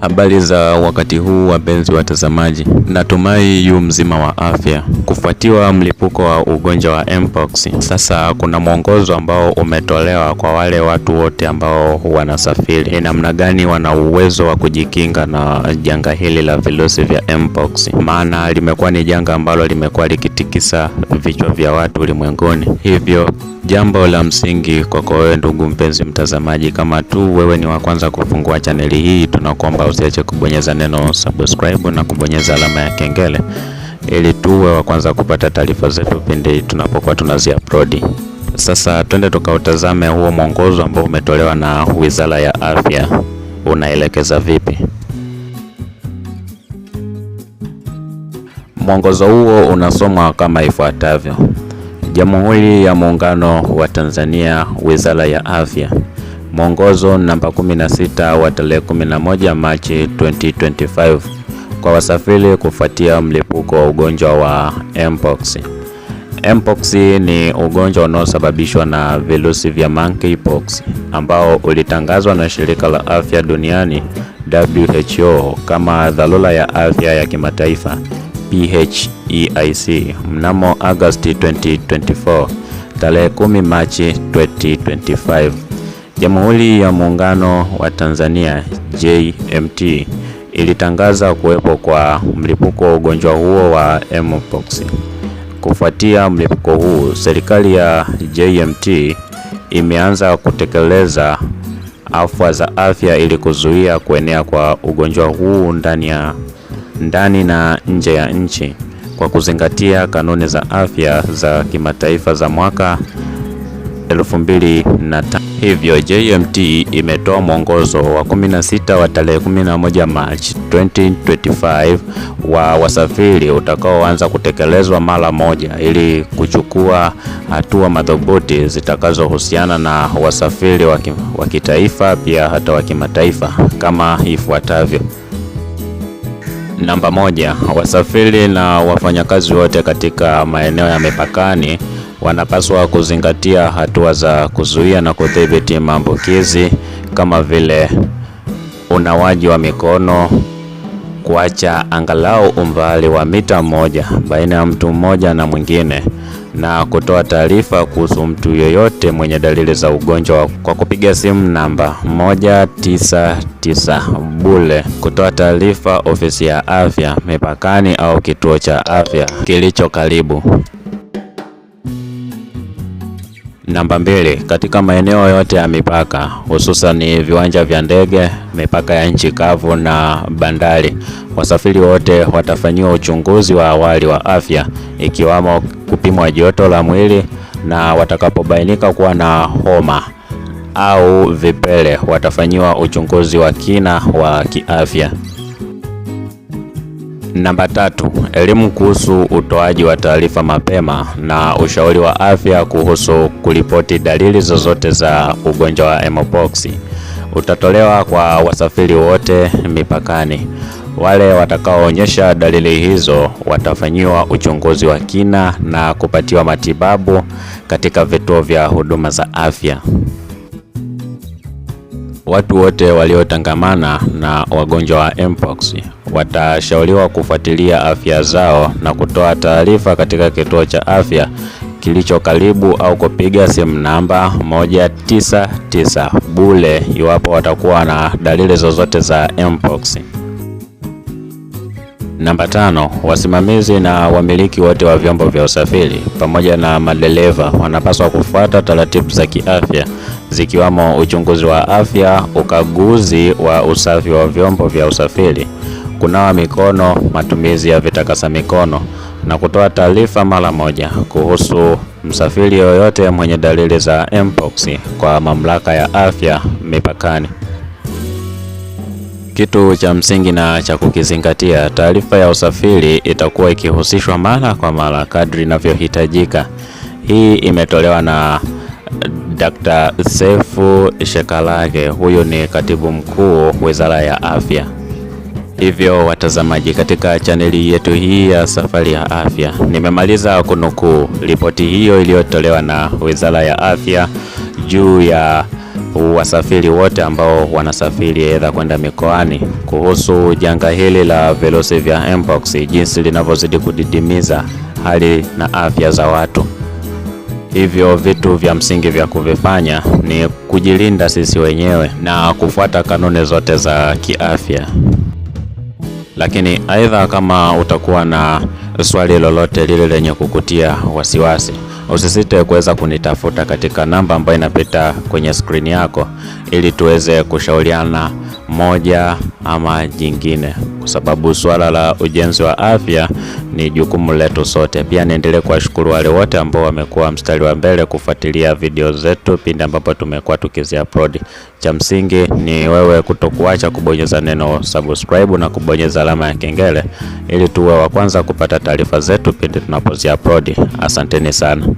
Habari za wakati huu wapenzi watazamaji, natumai yu mzima wa afya. Kufuatiwa mlipuko wa ugonjwa wa mpox, sasa kuna mwongozo ambao umetolewa kwa wale watu wote ambao wanasafiri, ni namna gani wana uwezo wa kujikinga na janga hili la virusi vya mpox, maana limekuwa ni janga ambalo limekuwa likitikisa vichwa vya watu ulimwenguni, hivyo Jambo la msingi kwako wewe ndugu mpenzi mtazamaji, kama tu wewe ni wa kwanza kufungua chaneli hii, tunakuomba usiache kubonyeza neno subscribe na kubonyeza alama ya kengele ili tuwe wa kwanza kupata taarifa zetu pindi tunapokuwa tunazi upload. Sasa twende tukautazame huo mwongozo ambao umetolewa na Wizara ya Afya unaelekeza vipi. Mwongozo huo unasomwa kama ifuatavyo: Jamhuri ya Muungano wa Tanzania, Wizara ya Afya mwongozo namba 16 wa tarehe 11 Machi 2025 kwa wasafiri kufuatia mlipuko wa ugonjwa wa mpox. Mpox ni ugonjwa unaosababishwa na virusi vya monkeypox ambao ulitangazwa na shirika la afya duniani WHO kama dharura ya afya ya kimataifa PHEIC mnamo Agosti 2024 tarehe 10 Machi 2025. Jamhuri ya Muungano wa Tanzania JMT ilitangaza kuwepo kwa mlipuko wa ugonjwa huo wa mpox. Kufuatia mlipuko huu, serikali ya JMT imeanza kutekeleza afwa za afya ili kuzuia kuenea kwa ugonjwa huu ndani ya ndani na nje ya nchi kwa kuzingatia kanuni za afya za kimataifa za mwaka 2005. Hivyo JMT imetoa mwongozo wa 16 wa tarehe 11 Machi 2025 wa wasafiri utakaoanza kutekelezwa mara moja ili kuchukua hatua madhubuti zitakazohusiana na wasafiri wa kitaifa pia hata wa kimataifa kama ifuatavyo. Namba moja, wasafiri na wafanyakazi wote katika maeneo ya mipakani wanapaswa kuzingatia hatua za kuzuia na kudhibiti maambukizi kama vile unawaji wa mikono, kuacha angalau umbali wa mita moja baina ya mtu mmoja na mwingine, na kutoa taarifa kuhusu mtu yoyote mwenye dalili za ugonjwa kwa kupiga simu namba 199 bule kutoa taarifa ofisi ya afya mipakani au kituo cha afya kilicho karibu. Namba mbili, katika maeneo yote ya mipaka hususan viwanja vya ndege, mipaka ya nchi kavu na bandari, wasafiri wote watafanyiwa uchunguzi wa awali wa afya ikiwamo kupimwa joto la mwili, na watakapobainika kuwa na homa au vipele watafanyiwa uchunguzi wa kina wa kiafya. Namba tatu, elimu kuhusu utoaji wa taarifa mapema na ushauri wa afya kuhusu kuripoti dalili zozote za ugonjwa wa mpox utatolewa kwa wasafiri wote mipakani. Wale watakaoonyesha dalili hizo watafanyiwa uchunguzi wa kina na kupatiwa matibabu katika vituo vya huduma za afya. Watu wote waliotangamana na wagonjwa wa mpox watashauriwa kufuatilia afya zao na kutoa taarifa katika kituo cha afya kilicho karibu au kupiga simu namba 199 bule iwapo watakuwa na dalili zozote za mpox. Namba tano, wasimamizi na wamiliki wote wa vyombo vya usafiri pamoja na madereva wanapaswa kufuata taratibu za kiafya zikiwamo uchunguzi wa afya, ukaguzi wa usafi wa vyombo vya usafiri kunawa mikono, matumizi ya vitakasa mikono na kutoa taarifa mara moja kuhusu msafiri yoyote mwenye dalili za mpox kwa mamlaka ya afya mipakani. Kitu cha msingi na cha kukizingatia, taarifa ya usafiri itakuwa ikihusishwa mara kwa mara kadri inavyohitajika. Hii imetolewa na Dr. Sefu Shekalage, huyu ni katibu mkuu Wizara ya Afya. Hivyo watazamaji, katika chaneli yetu hii ya Safari ya Afya, nimemaliza kunukuu ripoti hiyo iliyotolewa na Wizara ya Afya juu ya wasafiri wote ambao wanasafiri aidha kwenda mikoani kuhusu janga hili la virusi vya mpox, jinsi linavyozidi kudidimiza hali na afya za watu. Hivyo vitu vya msingi vya kuvifanya ni kujilinda sisi wenyewe na kufuata kanuni zote za kiafya. Lakini aidha, kama utakuwa na swali lolote lile lenye kukutia wasiwasi, usisite kuweza kunitafuta katika namba ambayo inapita kwenye skrini yako, ili tuweze kushauriana moja ama jingine kwa sababu swala la ujenzi wa afya ni jukumu letu sote. Pia niendelee kuwashukuru wale wote ambao wamekuwa mstari wa mbele kufuatilia video zetu pindi ambapo tumekuwa tukizi upload. Cha msingi ni wewe kutokuacha kubonyeza neno subscribe na kubonyeza alama ya kengele ili tuwe wa kwanza kupata taarifa zetu pindi tunapozi upload. Asanteni sana.